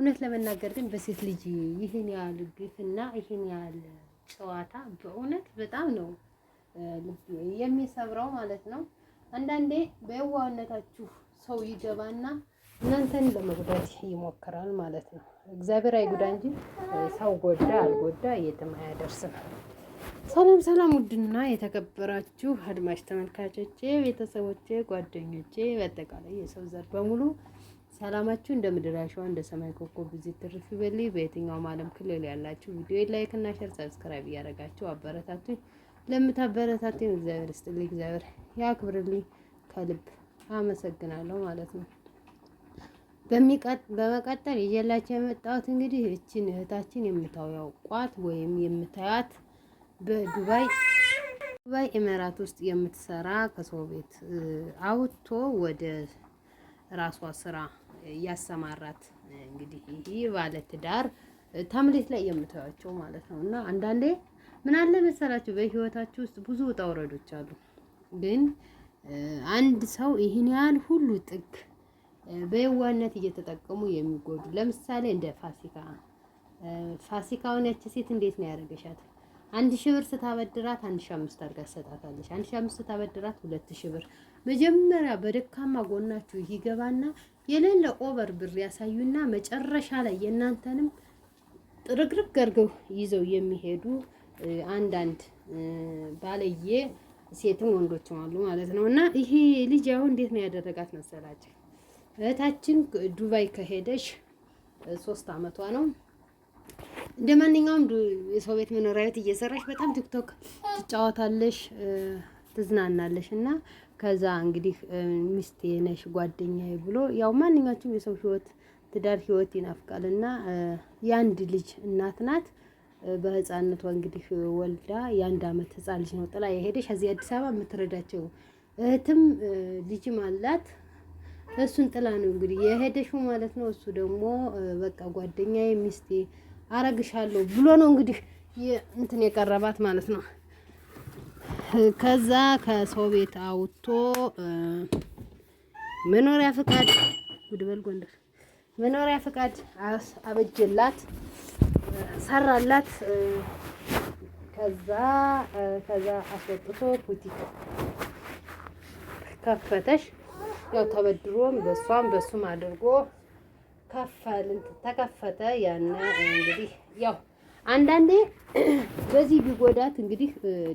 እውነት ለመናገር ግን በሴት ልጅ ይህን ያህል ግፍና ይህን ያህል ጨዋታ በእውነት በጣም ነው የሚሰብረው ማለት ነው። አንዳንዴ በየዋህነታችሁ ሰው ይገባና እናንተን ለመጉዳት ይሞክራል ማለት ነው። እግዚአብሔር አይጉዳ እንጂ ሰው ጎዳ አልጎዳ የትም አያደርስም። ሰላም ሰላም፣ ውድና የተከበራችሁ አድማጭ ተመልካቾቼ፣ ቤተሰቦቼ፣ ጓደኞቼ በአጠቃላይ የሰው ዘር በሙሉ ሰላማችሁ እንደ ምድር አሸዋ እንደ ሰማይ ኮከብ ብዙ ትርፍ ይበልኝ። በየትኛውም ዓለም ክልል ያላችሁ ቪዲዮ ላይክ እና ሼር፣ ሰብስክራይብ እያደረጋችሁ አበረታቱኝ። ለምታበረታቱኝ እግዚአብሔር ይስጥልኝ፣ እግዚአብሔር ያክብርልኝ። ከልብ አመሰግናለሁ ማለት ነው። በመቀጠል ይዤላችሁ የመጣሁት እንግዲህ እችን እህታችን የምታውቋት ወይም የምታያት በዱባይ ዱባይ ኤሜራት ውስጥ የምትሰራ ከሰው ቤት አውጥቶ ወደ ራሷ ስራ ያሰማራት እንግዲህ ይህ ዳር ታምሌት ላይ የምታያቸው ማለት ነው። እና አንዳንዴ ምን አለ መሰላችሁ በህይወታችሁ ውስጥ ብዙ ውጣ ውረዶች አሉ። ግን አንድ ሰው ይህን ያህል ሁሉ ጥግ በየዋህነት እየተጠቀሙ የሚጎዱ ለምሳሌ እንደ ፋሲካ ፋሲካውን ያቺ ሴት እንዴት ነው ያደረገሻት? አንድ ሺህ ብር ስታበድራት አንድ ሺህ አምስት አድርጋ ትሰጣታለች። አንድ ሺህ አምስት ስታበድራት ሁለት ሺህ ብር። መጀመሪያ በደካማ ጎናችሁ ይገባና የሌለ ኦቨር ብር ያሳዩና መጨረሻ ላይ የእናንተንም ጥርግርግ አድርገው ይዘው የሚሄዱ አንዳንድ ባለየ ሴትም ወንዶችም አሉ ማለት ነው። እና ይሄ ልጅ አሁን እንዴት ነው ያደረጋት መሰላችሁ? እህታችን ዱባይ ከሄደች ሶስት አመቷ ነው። እንደ ማንኛውም የሰው ቤት መኖሪያ ቤት እየሰራሽ በጣም ቲክቶክ ትጫወታለሽ፣ ትዝናናለሽ እና ከዛ እንግዲህ ሚስቴ ነሽ ጓደኛዬ ብሎ ያው ማንኛችሁም የሰው ህይወት ትዳር ህይወት ይናፍቃል እና የአንድ ልጅ እናት ናት። በህፃነቷ እንግዲህ ወልዳ የአንድ አመት ህፃን ልጅ ነው ጥላ የሄደሽ። እዚህ አዲስ አበባ የምትረዳቸው እህትም ልጅም አላት። እሱን ጥላ ነው እንግዲህ የሄደሽው ማለት ነው። እሱ ደግሞ በቃ ጓደኛዬ ሚስቴ አረግሻለሁ ብሎ ነው እንግዲህ እንትን የቀረባት ማለት ነው። ከዛ ከሰው ቤት አውጥቶ መኖሪያ ፍቃድ ጉድበል ጎንደር መኖሪያ ፍቃድ አበጀላት፣ ሰራላት። ከዛ ከዛ አስወጥቶ ቡቲክ ከፈተሽ። ያው ተበድሮም በሷም በሱም አድርጎ ከፈልን ተከፈተ። ያነ እንግዲህ ያው አንዳንዴ በዚህ ቢጎዳት እንግዲህ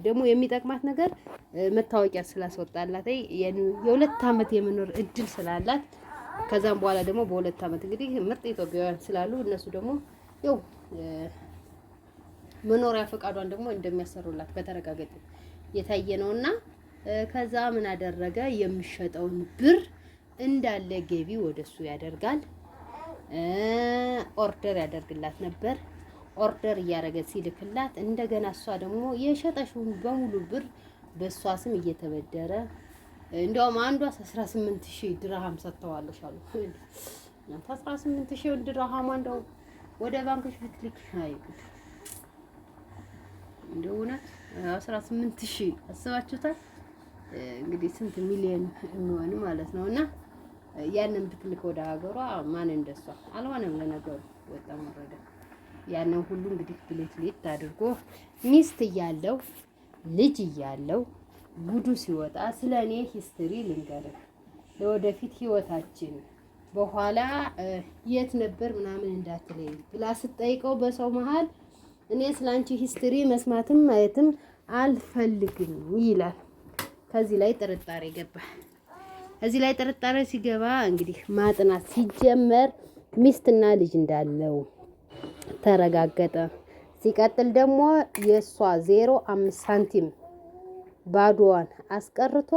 ደግሞ የሚጠቅማት ነገር መታወቂያ ስላስወጣላት የሁለት ዓመት የመኖር እድል ስላላት ከዛም በኋላ ደግሞ በሁለት ዓመት እንግዲህ ምርጥ ኢትዮጵያውያን ስላሉ እነሱ ደግሞ ያው መኖሪያ ፈቃዷን ደግሞ እንደሚያሰሩላት በተረጋገጠ የታየ ነውና ከዛ ምን አደረገ? የሚሸጠውን ብር እንዳለ ገቢ ወደሱ ያደርጋል። ኦርደር ያደርግላት ነበር። ኦርደር እያደረገ ሲልክላት እንደገና እሷ ደግሞ የሸጠሽውን በሙሉ ብር በእሷ ስም እየተበደረ እንዲያውም አንዷ 18 ሺህ ድርሃም ሰጥተዋለሽ አሉ። 18 ሺህ ድርሃማ እንደው ወደ ባንክሽ ብትልክ አይቁት እንደሆነ 18 ሺህ አስባችሁታል። እንግዲህ ስንት ሚሊዮን የሚሆን ማለት ነውና ያንን ብትልክ ወደ ሀገሯ ማን እንደሷ አልሆነም። ለነገሩ ወጣ ወረደ ያንን ሁሉ እንግዲህ ብሌት ሌት አድርጎ ሚስት እያለው ልጅ እያለው ጉዱ ሲወጣ ስለ እኔ ሂስትሪ ልንገርህ፣ ለወደፊት ህይወታችን በኋላ የት ነበር ምናምን እንዳትለኝ ብላ ስጠይቀው በሰው መሀል እኔ ስላንቺ ሂስትሪ መስማትም ማየትም አልፈልግም ይላል። ከዚህ ላይ ጥርጣሬ ገባ። እዚህ ላይ ጥርጣሬ ሲገባ እንግዲህ ማጥናት ሲጀመር ሚስትና ልጅ እንዳለው ተረጋገጠ። ሲቀጥል ደግሞ የእሷ ዜሮ አምስት ሳንቲም ባዶዋን አስቀርቶ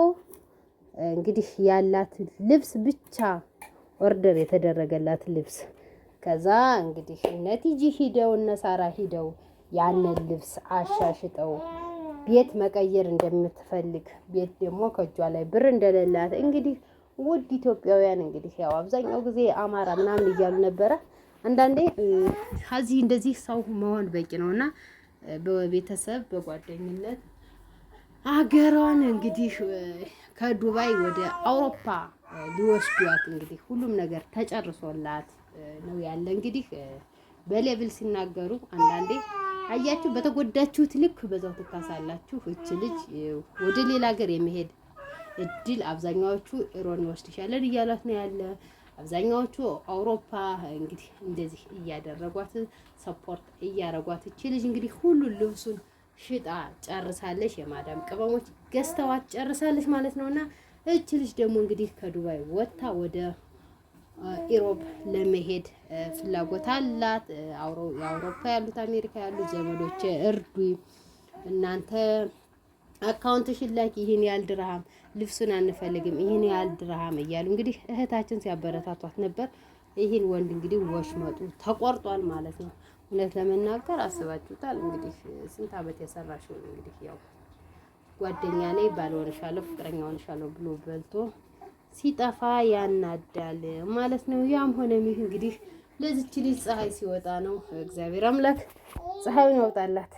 እንግዲህ ያላት ልብስ ብቻ ኦርደር የተደረገላት ልብስ ከዛ እንግዲህ እነ ሂደው እነ ሳራ ሂደው ያንን ልብስ አሻሽጠው ቤት መቀየር እንደምትፈልግ ቤት ደግሞ ከእጇ ላይ ብር እንደሌላት እንግዲህ ውድ ኢትዮጵያውያን እንግዲህ ያው አብዛኛው ጊዜ አማራ ምናምን እያሉ ነበረ። አንዳንዴ ከዚህ እንደዚህ ሰው መሆን በቂ ነው እና በቤተሰብ በጓደኝነት አገሯን እንግዲህ ከዱባይ ወደ አውሮፓ ሊወስዷት እንግዲህ ሁሉም ነገር ተጨርሶላት ነው ያለ። እንግዲህ በሌብል ሲናገሩ አንዳንዴ አያችሁ፣ በተጎዳችሁት ልክ በዛው ትካሳላችሁ። እች ልጅ ወደ ሌላ ሀገር የመሄድ እድል አብዛኛዎቹ ሮን ይወስድሻለን እያሏት ነው ያለ። አብዛኛዎቹ አውሮፓ እንግዲህ እንደዚህ እያደረጓት ሰፖርት እያረጓት፣ እች ልጅ እንግዲህ ሁሉ ልብሱን ሽጣ ጨርሳለች። የማዳም ቅመሞች ገዝተዋት ጨርሳለች ማለት ነውና እች ልጅ ደግሞ እንግዲህ ከዱባይ ወጥታ ወደ ኢሮብ ለመሄድ ፍላጎት አላት። የአውሮፓ ያሉት አሜሪካ ያሉ ዘመዶች እርዱ እናንተ አካውንት ሽላኪ ይህን ያህል ድርሃም ልብሱን አንፈልግም፣ ይህን ያህል ድርሃም እያሉ እንግዲህ እህታችን ሲያበረታቷት ነበር። ይህን ወንድ እንግዲህ ወሽመጡ ተቆርጧል ማለት ነው። እውነት ለመናገር አስባችሁታል? እንግዲህ ስንት ዓመት የሰራሽ እንግዲህ ያው ጓደኛ ነኝ ባል ሆንሻለሁ፣ ፍቅረኛ ሆንሻለሁ ብሎ በልቶ ሲጠፋ ያናዳል ማለት ነው። ያም ሆነም ይህ እንግዲህ ለዚች ልጅ ፀሐይ ሲወጣ ነው። እግዚአብሔር አምላክ ፀሐዩን ያውጣላት።